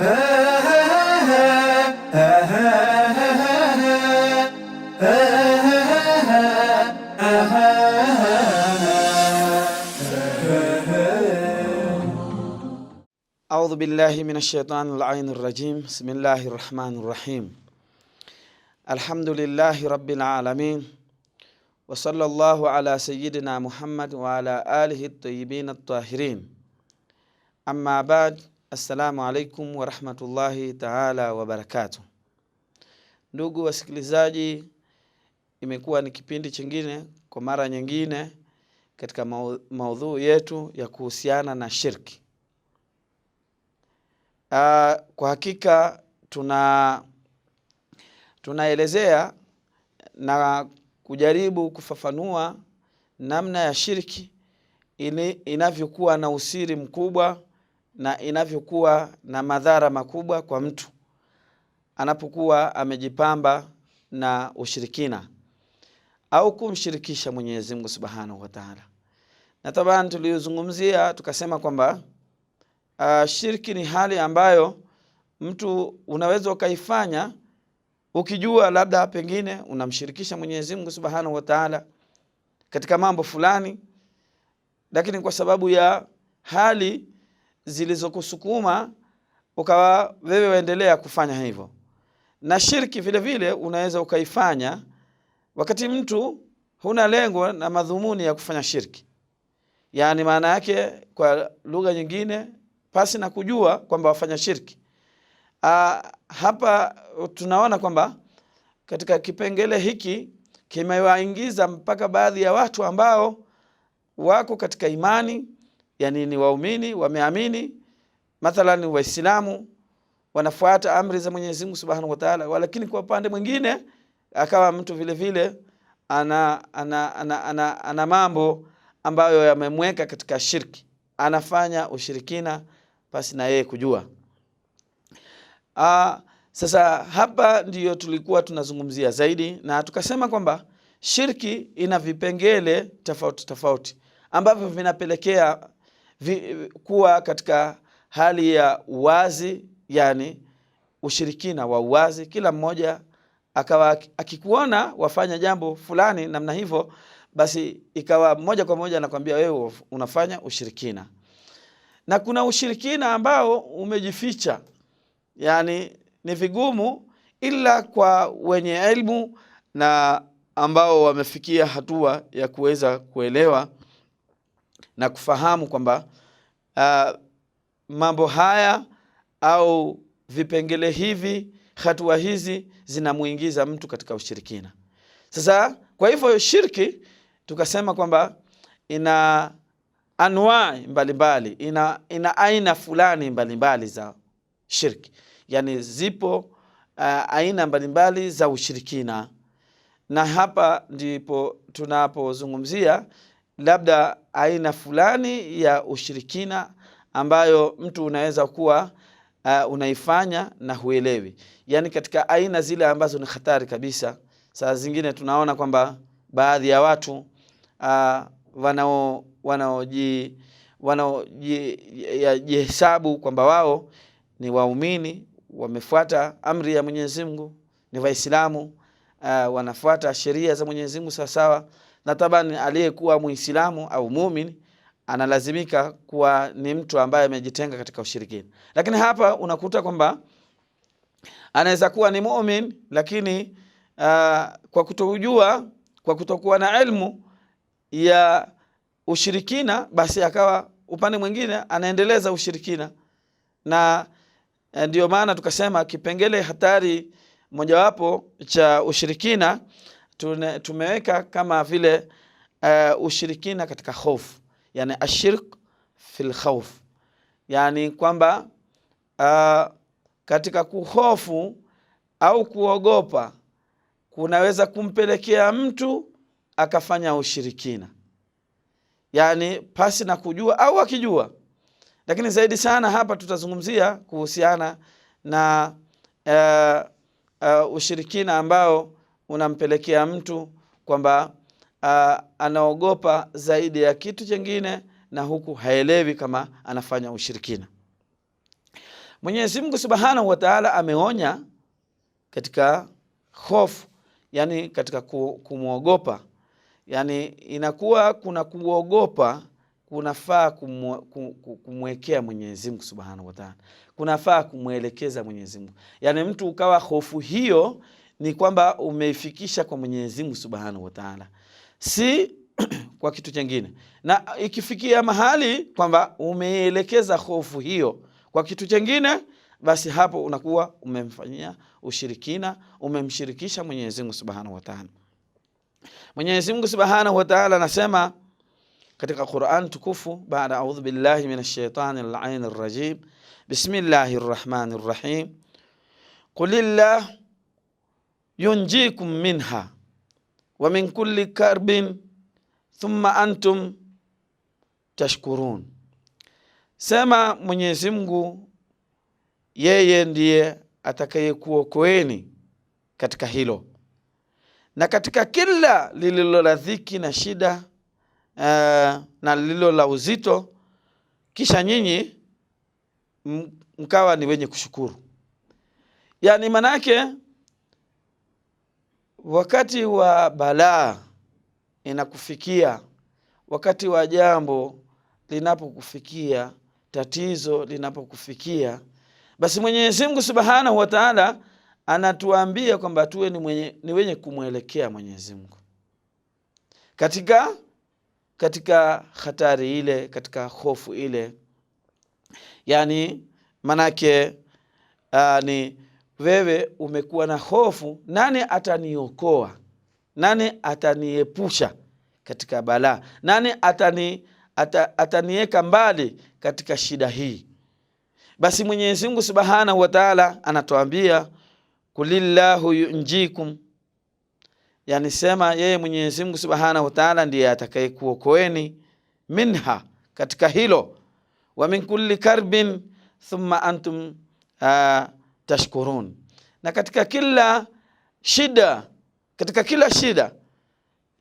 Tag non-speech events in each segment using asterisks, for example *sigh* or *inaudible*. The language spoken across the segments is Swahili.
أعوذ بالله من الشيطان العين الرجيم بسم الله الرحمن الرحيم الحمد لله رب العالمين وصلى الله على سيدنا محمد وعلى آله الطيبين الطاهرين أما بعد Assalamu alaikum warahmatullahi taala wabarakatu. Ndugu wasikilizaji, imekuwa ni kipindi chingine kwa mara nyingine katika maudhuu yetu ya kuhusiana na shirki. Aa, ah, kwa hakika tuna tunaelezea na kujaribu kufafanua namna ya shirki inavyokuwa na usiri mkubwa na inavyokuwa na madhara makubwa kwa mtu anapokuwa amejipamba na ushirikina au kumshirikisha Mwenyezi Mungu Subhanahu wa Ta'ala. Na tabani tuliyozungumzia tukasema kwamba uh, shirki ni hali ambayo mtu unaweza ukaifanya ukijua labda pengine unamshirikisha Mwenyezi Mungu Subhanahu wa Ta'ala katika mambo fulani, lakini kwa sababu ya hali zilizokusukuma ukawa wewe waendelea kufanya hivyo. Na shirki vile vile unaweza ukaifanya wakati mtu huna lengo na madhumuni ya kufanya shirki, yaani maana yake kwa lugha nyingine, pasi na kujua kwamba wafanya shirki. Aa, ah, hapa tunaona kwamba katika kipengele hiki kimewaingiza mpaka baadhi ya watu ambao wako katika imani yani ni waumini wameamini, mathalan Waislamu wanafuata amri za Mwenyezi Mungu Subhanahu wa Ta'ala, walakini kwa upande mwingine akawa mtu vile vile ana, ana, ana, ana, ana mambo ambayo yamemweka katika shirki, anafanya ushirikina pasi na yeye kujua. Aa, ah, sasa hapa ndiyo tulikuwa tunazungumzia zaidi na tukasema kwamba shirki ina vipengele tofauti tofauti ambavyo vinapelekea vi, kuwa katika hali ya uwazi, yani ushirikina wa uwazi, kila mmoja akawa akikuona wafanya jambo fulani namna hivyo, basi ikawa moja kwa moja anakwambia wewe unafanya ushirikina. Na kuna ushirikina ambao umejificha, yani ni vigumu ila kwa wenye elimu na ambao wamefikia hatua ya kuweza kuelewa na kufahamu kwamba uh, mambo haya au vipengele hivi hatua hizi zinamuingiza mtu katika ushirikina. Sasa kwa hivyo shirki tukasema kwamba ina anwai mbalimbali, ina, ina aina fulani mbalimbali za shirki, yaani zipo uh, aina mbalimbali za ushirikina, na hapa ndipo tunapozungumzia labda aina fulani ya ushirikina ambayo mtu unaweza kuwa uh, unaifanya na huelewi, yani katika aina zile ambazo ni hatari kabisa. Saa zingine tunaona kwamba baadhi ya watu uh, wanao wanaoji wanaojihesabu kwamba wao ni waumini, wamefuata amri ya Mwenyezi Mungu, ni Waislamu uh, wanafuata sheria za Mwenyezi Mungu sawasawa na tabani aliyekuwa Muislamu au muumini analazimika kuwa ni mtu ambaye amejitenga katika ushirikina. Lakini hapa unakuta kwamba anaweza kuwa ni mumin lakini uh, kwa kutojua, kwa kutokuwa na elmu ya ushirikina, basi akawa upande mwingine anaendeleza ushirikina, na eh, ndiyo maana tukasema kipengele hatari mojawapo cha ushirikina tune, tumeweka kama vile uh, ushirikina katika hofu, yani ashirk fil khawf, yani kwamba uh, katika kuhofu au kuogopa kunaweza kumpelekea mtu akafanya ushirikina, yani pasi na kujua au akijua. Lakini zaidi sana hapa tutazungumzia kuhusiana na uh, uh, ushirikina ambao unampelekea mtu kwamba anaogopa zaidi ya kitu chengine, na huku haelewi kama anafanya ushirikina. Mwenyezi Mungu Subhanahu wa Ta'ala ameonya katika hofu, yani katika kumwogopa, yani inakuwa kuna kuogopa kunafaa kumwekea Mwenyezi Mungu Subhanahu wa Ta'ala, kunafaa kumwelekeza Mwenyezi Mungu, yani mtu ukawa hofu hiyo ni kwamba umeifikisha kwa Mwenyezi Mungu Subhanahu wa Ta'ala, si *clears throat* kwa kitu chengine. Na ikifikia mahali kwamba umeelekeza hofu hiyo kwa kitu chengine, basi hapo unakuwa umemfanyia ushirikina, umemshirikisha Mwenyezi Mungu Subhanahu wa Ta'ala. Mwenyezi Mungu Subhanahu wa Ta'ala anasema katika Qur'an tukufu, baada a'udhu billahi minash shaitani rajim, bismillahir rahmanir rahim, qulillah yunjikum minha wa min kulli karbin thumma antum tashkurun, sema Mwenyezi Mungu yeye ndiye atakayekuokoeni katika hilo na katika kila lililo la dhiki na shida uh, na lililo la uzito, kisha nyinyi mkawa ni wenye kushukuru. Yani maana yake wakati wa balaa inakufikia, wakati wa jambo linapokufikia, tatizo linapokufikia, basi Mwenyezi Mungu Subhanahu wa Ta'ala anatuambia kwamba tuwe ni, mwenye, ni wenye kumwelekea Mwenyezi Mungu katika katika hatari ile, katika hofu ile, yani manake uh, ni wewe umekuwa na hofu, nani ataniokoa? Nani ataniepusha katika balaa? Nani atani ata, ataniweka mbali katika shida hii? Basi Mwenyezi Mungu Subhanahu wa Ta'ala anatuambia kulillahu yunjikum, yani sema yeye Mwenyezi Mungu Subhanahu wa Ta'ala ndiye atakayekuokoeni minha, katika hilo wa min kulli karbin thumma antum ah, tashkurun. Na katika kila shida, katika kila shida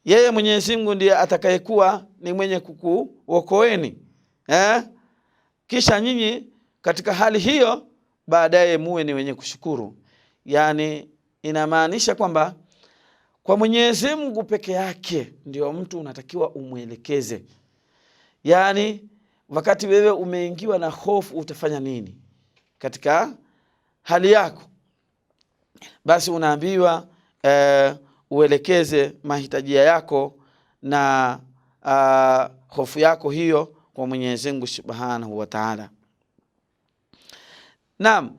yeye Mwenyezi Mungu ndiye atakayekuwa ni mwenye kukuokoeni eh? Kisha nyinyi katika hali hiyo baadaye muwe ni wenye kushukuru. Yaani inamaanisha kwamba kwa Mwenyezi Mungu peke yake ndio mtu unatakiwa umwelekeze. Yaani wakati wewe umeingiwa na hofu utafanya nini katika hali yako, basi unaambiwa e, uelekeze mahitaji yako na ah, hofu yako hiyo kwa Mwenyezi Mungu Subhanahu wa Ta'ala. Naam,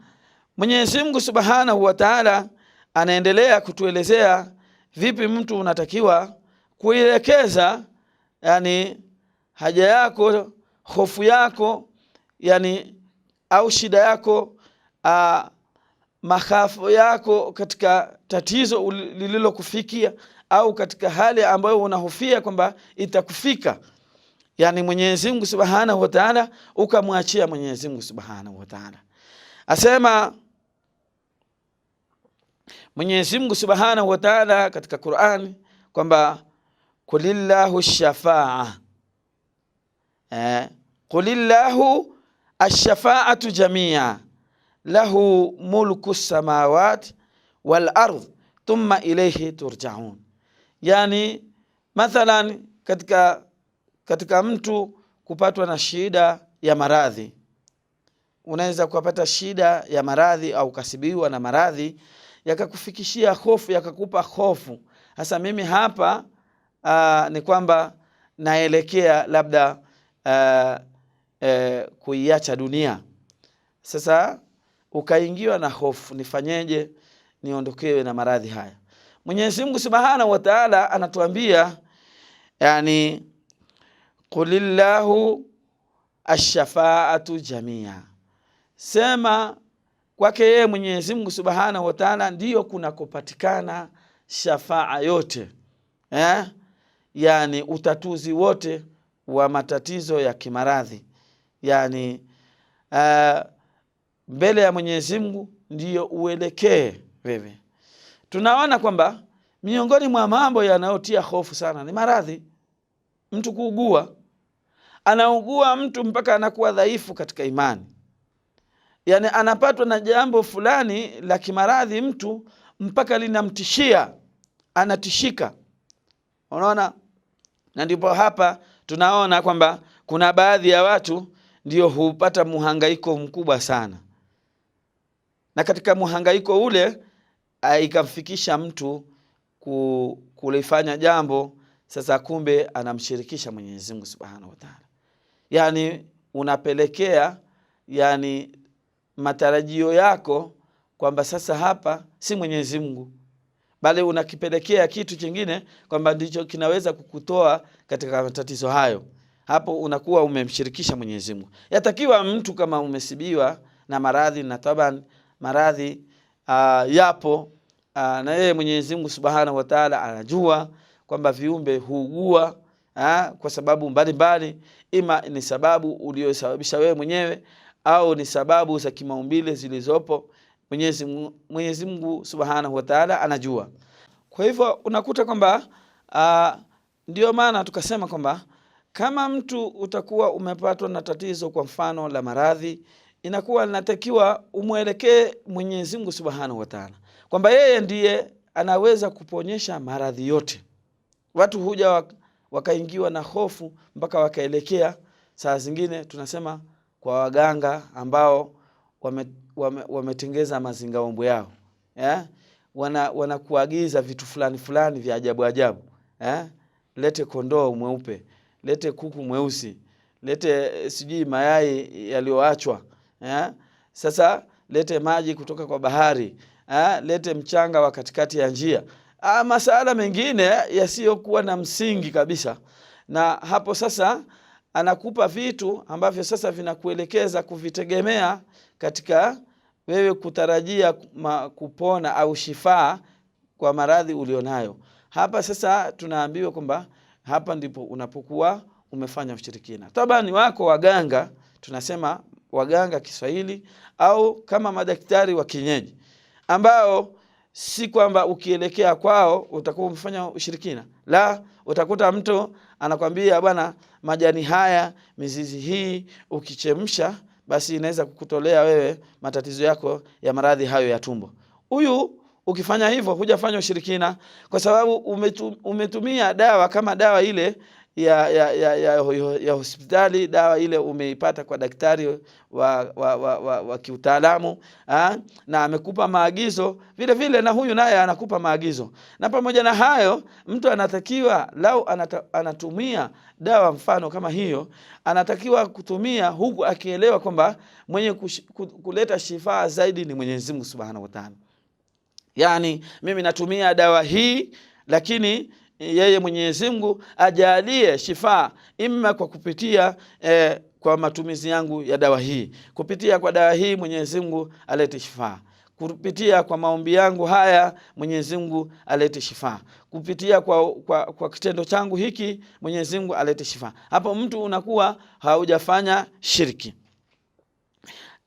Mwenyezi Mungu Subhanahu wa Ta'ala anaendelea kutuelezea vipi mtu unatakiwa kuielekeza yani haja yako, hofu yako yani au shida yako a, mahafu yako katika tatizo lililokufikia au katika hali ambayo unahofia kwamba itakufika, yani Mwenyezi Mungu Subhanahu wa Ta'ala, ukamwachia Mwenyezi Mungu Subhanahu wa Ta'ala. Asema Mwenyezi Mungu Subhanahu wa Ta'ala katika Qur'ani kwamba kulillahu shafaa eh, kulillahu ashafaatu jamia lahu mulku samawat wal ardh thumma ilaihi turjaun. Yani mathalan katika, katika mtu kupatwa na shida ya maradhi, unaweza kupata shida ya maradhi au kasibiwa na maradhi yakakufikishia hofu yakakupa hofu. Sasa mimi hapa aa, ah, ni kwamba naelekea labda ah, eh, kuiacha dunia sasa ukaingiwa na hofu, nifanyeje niondokewe na maradhi haya? Mwenyezi Mungu Subhanahu wa Ta'ala anatuambia yani, qulillahu ashafaatu jamia, sema kwake yeye Mwenyezi Mungu Subhanahu wa Ta'ala ndiyo kunakopatikana shafaa yote eh? Yani utatuzi wote wa matatizo ya kimaradhi yani uh, mbele ya Mwenyezi Mungu ndiyo uelekee wewe. Tunaona kwamba miongoni mwa mambo yanayotia hofu sana ni maradhi, mtu kuugua, anaugua mtu mpaka anakuwa dhaifu katika imani, yaani anapatwa na jambo fulani la kimaradhi mtu mpaka linamtishia, anatishika. Unaona, na ndipo hapa tunaona kwamba kuna baadhi ya watu ndio hupata muhangaiko mkubwa sana na katika mhangaiko ule ah, ikamfikisha mtu kulifanya jambo sasa, kumbe anamshirikisha Mwenyezi Mungu Subhanahu wa Ta'ala, yani unapelekea yani matarajio yako kwamba sasa hapa si Mwenyezi Mungu, bali unakipelekea kitu kingine kwamba ndicho kinaweza kukutoa katika matatizo hayo. Hapo unakuwa umemshirikisha Mwenyezi Mungu. Yatakiwa mtu kama umesibiwa na maradhi na taban maradhi uh, yapo uh, na yeye Mwenyezi Mungu Subhanahu wa Ta'ala anajua kwamba viumbe huugua uh, kwa sababu mbalimbali, ima ni sababu uliyosababisha wewe mwenyewe au ni sababu za kimaumbile zilizopo. Mwenyezi Mwenyezi Mungu Subhanahu wa Ta'ala anajua. Kwa hivyo unakuta kwamba ndio maana tukasema kwamba kama mtu utakuwa umepatwa na tatizo kwa mfano la maradhi inakuwa linatakiwa umwelekee Mwenyezi Mungu Subhanahu wa Ta'ala, kwamba yeye ndiye anaweza kuponyesha maradhi yote. Watu huja wakaingiwa na hofu mpaka wakaelekea, saa zingine tunasema kwa waganga ambao wametengeza wame, wame mazingaombwe yao yeah? wana wanakuagiza vitu fulani fulani vya ajabu ajabu yeah? Lete kondoo mweupe, lete kuku mweusi, lete eh, sijui mayai yaliyoachwa eh? Sasa lete maji kutoka kwa bahari eh? Lete mchanga wa katikati ya njia ah, masala mengine yasiyokuwa na msingi kabisa, na hapo sasa anakupa vitu ambavyo sasa vinakuelekeza kuvitegemea katika wewe kutarajia kupona au shifaa kwa maradhi ulionayo. Hapa sasa tunaambiwa kwamba hapa ndipo unapokuwa umefanya ushirikina. Tabani wako waganga tunasema waganga Kiswahili au kama madaktari wa kienyeji ambao si kwamba ukielekea kwao utakuwa umefanya ushirikina. La, utakuta mtu anakwambia bwana, majani haya, mizizi hii ukichemsha, basi inaweza kukutolea wewe matatizo yako ya maradhi hayo ya tumbo. Huyu ukifanya hivyo, hujafanya ushirikina, kwa sababu umetumia dawa kama dawa ile ya, ya, ya, ya, ya hospitali, dawa ile umeipata kwa daktari wa, wa, wa, wa, wa kiutaalamu na amekupa maagizo vile vile, na huyu naye anakupa maagizo. Na pamoja na hayo, mtu anatakiwa lau anata, anatumia dawa mfano kama hiyo, anatakiwa kutumia huku akielewa kwamba mwenye kush, kuleta shifaa zaidi ni Mwenyezi Mungu Subhanahu wa Ta'ala. Yani, mimi natumia dawa hii lakini yeye Mwenyezi Mungu ajalie shifaa, imma kwa kupitia eh, kwa matumizi yangu ya dawa hii, kupitia kwa dawa hii Mwenyezi Mungu alete shifaa kupitia kwa maombi yangu haya Mwenyezi Mungu alete shifaa, kupitia kwa, kwa, kwa kitendo changu hiki Mwenyezi Mungu alete shifaa. Hapo mtu unakuwa haujafanya shirki.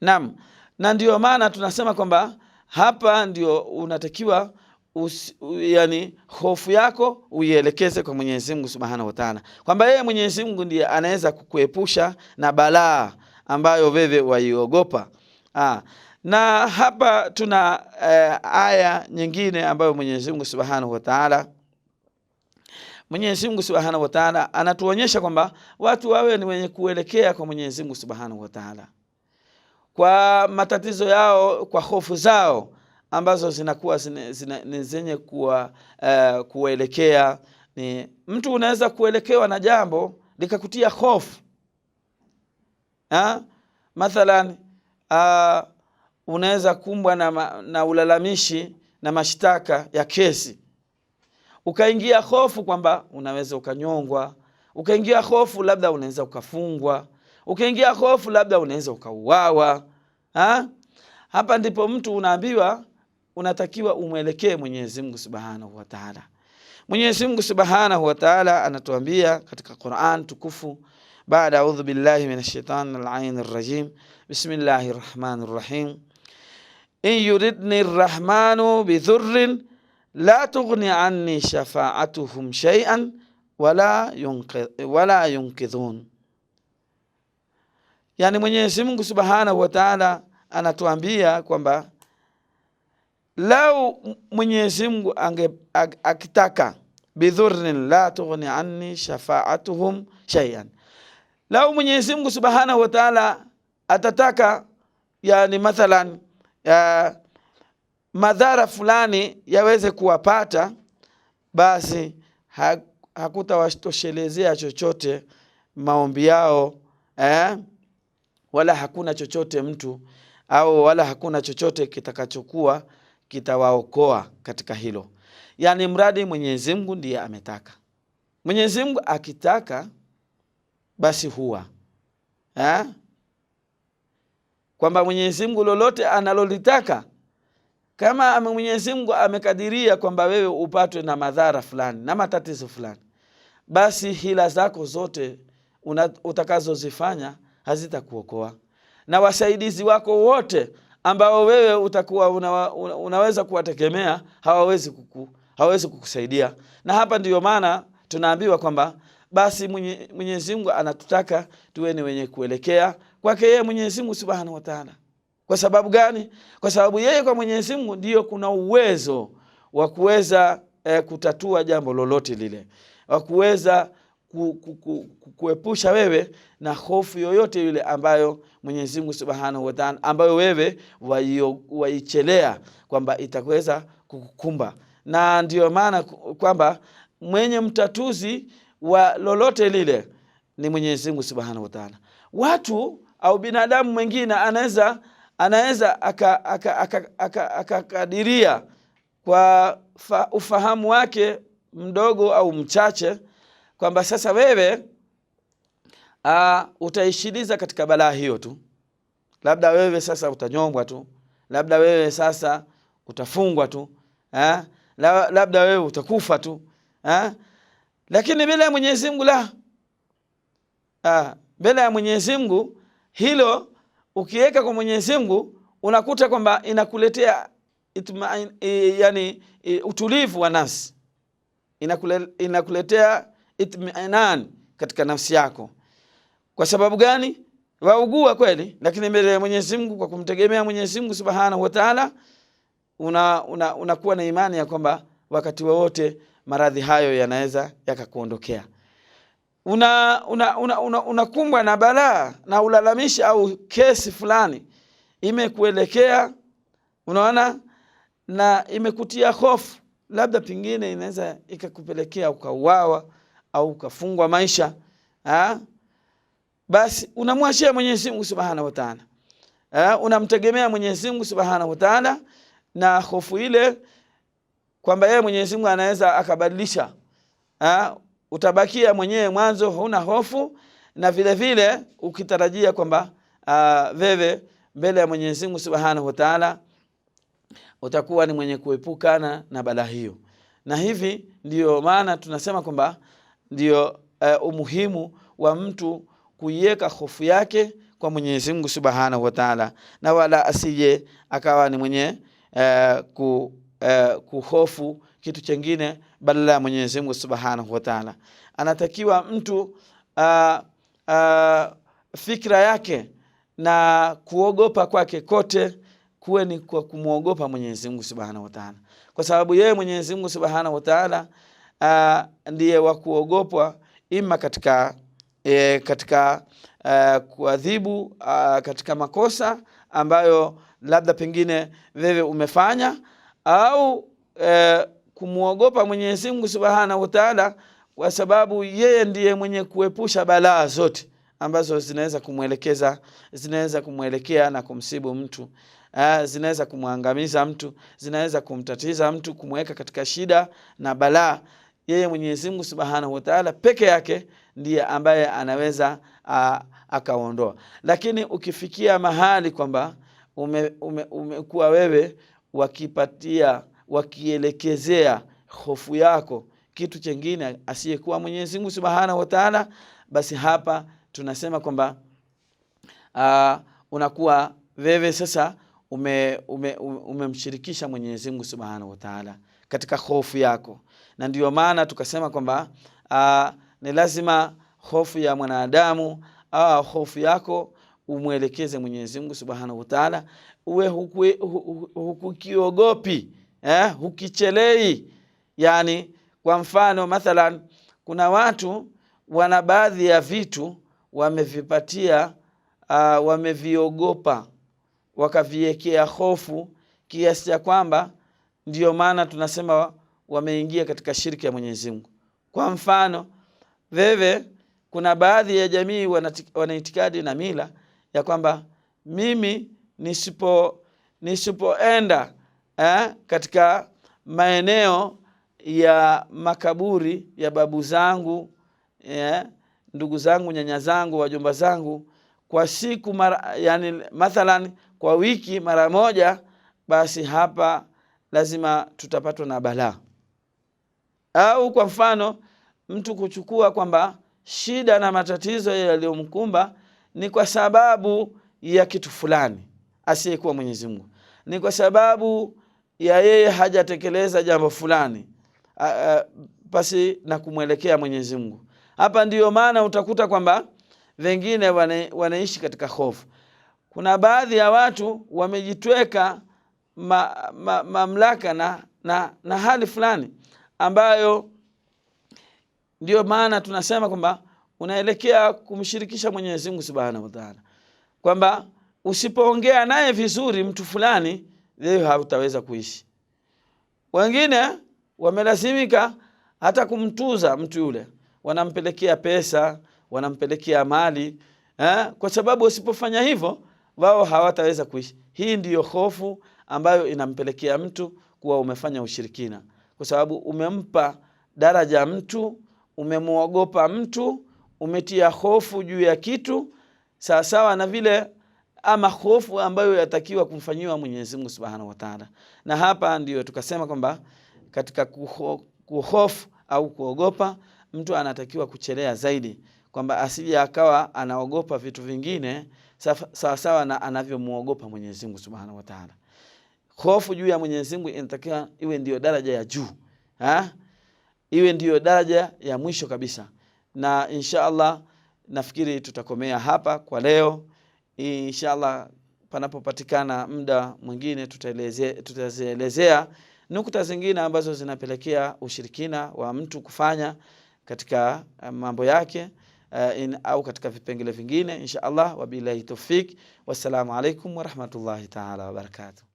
Naam, na ndio maana tunasema kwamba hapa ndio unatakiwa usi, u, yani hofu yako uielekeze kwa Mwenyezi Mungu Subhanahu wa Ta'ala, kwamba yeye Mwenyezi Mungu ndiye anaweza kukuepusha na balaa ambayo wewe waiogopa. Ah, na hapa tuna eh, aya nyingine ambayo Mwenyezi Mungu Subhanahu wa Ta'ala Mwenyezi Mungu Subhanahu wa Ta'ala anatuonyesha kwamba watu wawe ni wenye kuelekea kwa Mwenyezi Mungu Subhanahu wa Ta'ala kwa matatizo yao, kwa hofu zao ambazo zinakuwa ni zenye kuwa uh, kuelekea ni mtu unaweza kuelekewa na jambo likakutia hofu ha? Mathalan uh, unaweza kumbwa na, na ulalamishi na mashtaka ya kesi, ukaingia hofu kwamba unaweza ukanyongwa, ukaingia hofu labda unaweza ukafungwa, ukaingia hofu labda unaweza ukauawa ha? Hapa ndipo mtu unaambiwa unatakiwa umwelekee Mwenyezi Mungu Subhanahu wa Ta'ala. Mwenyezi Mungu Subhanahu wa Ta'ala anatuambia katika Qur'an tukufu, baada audhu billahi minash shaitanir ar rajim bismillahir rahmanir rahim in yuridni rahmanu bidhurrin la tughni anni shafa'atuhum shay'an wala wala yunqidhun. yani Mwenyezi Mungu Subhanahu wa Ta'ala anatuambia kwamba lau Mwenyezi Mungu ange akitaka bidhurrin la tughni anni shafaatuhum shay'an, lau Mwenyezi Mungu subhanahu wa taala atataka yani mathalan ya madhara fulani yaweze kuwapata, basi ha, hakutawatoshelezea chochote maombi yao eh? Wala hakuna chochote mtu au wala hakuna chochote kitakachokuwa kitawaokoa katika hilo, yaani mradi Mwenyezi Mungu ndiye ametaka. Mwenyezi Mungu akitaka basi huwa ha? kwamba Mwenyezi Mungu lolote analolitaka kama Mwenyezi Mungu amekadiria kwamba wewe upatwe na madhara fulani na matatizo fulani, basi hila zako zote utakazozifanya hazitakuokoa na wasaidizi wako wote ambao wewe utakuwa una, una, unaweza kuwategemea hawawezi kuku, hawawezi kukusaidia. Na hapa ndiyo maana tunaambiwa kwamba basi Mwenyezi Mungu anatutaka tuwe ni wenye kuelekea kwake yeye Mwenyezi Mungu Subhanahu wa Ta'ala. Kwa sababu gani? Kwa sababu yeye kwa Mwenyezi Mungu ndiyo kuna uwezo wa kuweza eh, kutatua jambo lolote lile wa kuweza ku, ku, ku, ku, kuepusha wewe na hofu yoyote yule ambayo Mwenyezi Mungu Subhanahu wa Ta'ala ambayo wewe waichelea kwamba itaweza kukukumba, na ndiyo maana kwamba mwenye mtatuzi wa lolote lile ni Mwenyezi Mungu Subhanahu wa Ta'ala. Watu au binadamu mwingine anaweza anaweza akakadiria kwa ufahamu wake mdogo au mchache kwamba sasa wewe uh, utaishiliza katika balaa hiyo tu, labda wewe sasa utanyongwa tu, labda wewe sasa utafungwa tu ha? Ah, labda wewe utakufa tu eh? Lakini bila ya Mwenyezi Mungu la ah, bila ya Mwenyezi Mungu hilo ukiweka kwa Mwenyezi Mungu unakuta kwamba inakuletea itma, yani eh, utulivu wa nafsi inakule, inakuletea itminan katika nafsi yako. Kwa sababu gani? Waugua kweli, lakini mbele ya Mwenyezi Mungu kwa kumtegemea Mwenyezi Mungu Subhanahu wa Ta'ala, unakuwa una, una na imani ya kwamba wakati wowote wa maradhi hayo yanaweza yakakuondokea. Unakumbwa una, una, una na balaa na ulalamishi au kesi fulani imekuelekea, unaona, na imekutia hofu, labda pengine inaweza ikakupelekea ukauawa au ukafungwa maisha ha? Basi unamwachia Mwenyezi Mungu Subhanahu wa Ta'ala, unamtegemea Mwenyezi Mungu Subhanahu wa Ta'ala na hofu ile kwamba yeye Mwenyezi Mungu anaweza akabadilisha ha? Utabakia mwenyewe mwanzo huna hofu na vile vile ukitarajia kwamba veve mbele ya Mwenyezi Mungu Subhanahu wa Ta'ala utakuwa ni mwenye kuepukana na balaa hiyo, na hivi ndiyo maana tunasema kwamba ndio uh, eh, umuhimu wa mtu kuiweka hofu yake kwa Mwenyezi Mungu Subhanahu wa Ta'ala, na wala asije akawa ni mwenye uh, ku, uh, kuhofu kitu chengine badala ya Mwenyezi Mungu Subhanahu wa Ta'ala. Anatakiwa mtu uh, uh, fikra yake na kuogopa kwake kote kuwe ni kwa kumwogopa Mwenyezi Mungu Subhanahu wa Ta'ala, kwa sababu yeye Mwenyezi Mungu Subhanahu wa Ta'ala Ah, ndiye wa kuogopwa ima katika e, katika uh, kuadhibu uh, katika makosa ambayo labda pengine wewe umefanya au e, eh, kumwogopa Mwenyezi Mungu Subhanahu wa Ta'ala, kwa sababu yeye ndiye mwenye kuepusha balaa zote ambazo zinaweza kumwelekeza zinaweza kumwelekea na kumsibu mtu uh, zinaweza kumwangamiza mtu, zinaweza kumtatiza mtu, kumweka katika shida na balaa yeye Mwenyezi Mungu Subhanahu wa Ta'ala peke yake ndiye ambaye anaweza akaondoa. Lakini ukifikia mahali kwamba umekuwa ume, ume wewe wakipatia wakielekezea hofu yako kitu chengine asiyekuwa Mwenyezi Mungu Subhanahu wa Ta'ala, basi hapa tunasema kwamba unakuwa wewe sasa umemshirikisha ume, ume Mwenyezi Mungu Subhanahu wa Ta'ala katika hofu yako na ndiyo maana tukasema kwamba ni lazima hofu ya mwanadamu au hofu yako umwelekeze Mwenyezi Mungu Subhanahu wa Ta'ala, uwe hukukiogopi eh, hukichelei. Yani kwa mfano mathalan, kuna watu wana baadhi ya vitu wamevipatia uh, wameviogopa wakaviwekea hofu kiasi cha kwamba ndiyo maana tunasema wameingia katika shirki ya Mwenyezi Mungu. Kwa mfano wewe, kuna baadhi ya jamii wanaitikadi na mila ya kwamba mimi nisipo nisipoenda eh, katika maeneo ya makaburi ya babu zangu eh, ndugu zangu, nyanya zangu, wajomba zangu kwa siku mara, yani mathalan kwa wiki mara moja, basi hapa lazima tutapatwa na balaa. Au kwa mfano mtu kuchukua kwamba shida na matatizo yaliyomkumba ni kwa sababu ya kitu fulani asiyekuwa Mwenyezi Mungu, ni kwa sababu ya yeye hajatekeleza jambo fulani pasi na kumwelekea Mwenyezi Mungu. Hapa ndiyo maana utakuta kwamba wengine wana, wanaishi katika hofu. Kuna baadhi ya watu wamejitweka ma, ma, mamlaka na, na, na hali fulani ambayo ndio maana tunasema kwamba unaelekea kumshirikisha Mwenyezi Mungu Subhanahu wa Ta'ala, kwamba usipoongea naye vizuri mtu fulani leo hautaweza kuishi. Wengine wamelazimika hata kumtuza mtu yule, wanampelekea pesa, wanampelekea mali eh, kwa sababu usipofanya hivyo wao hawataweza kuishi. Hii ndiyo hofu ambayo inampelekea mtu kuwa umefanya ushirikina kwa sababu umempa daraja mtu, umemwogopa mtu, umetia hofu juu ya kitu sawasawa na vile ama hofu ambayo yatakiwa kumfanyiwa Mwenyezi Mungu Subhanahu wa Ta'ala. Na hapa ndio tukasema kwamba katika kuho, kuhofu au kuogopa mtu anatakiwa kuchelea zaidi, kwamba asije akawa anaogopa vitu vingine sawasawa na anavyomwogopa Mwenyezi Mungu Subhanahu wa Ta'ala hofu juu ya Mwenyezi Mungu inatakiwa iwe ndiyo daraja ya juu ha? iwe ndiyo daraja ya mwisho kabisa, na insha Allah nafikiri tutakomea hapa kwa leo. Insha Allah panapopatikana muda mwingine tutazielezea nukta zingine ambazo zinapelekea ushirikina wa mtu kufanya katika eh, mambo yake uh, in, au katika vipengele vingine insha Allah. Wabillahi taufik, wassalamu alaikum warahmatullahi taala wabarakatuh.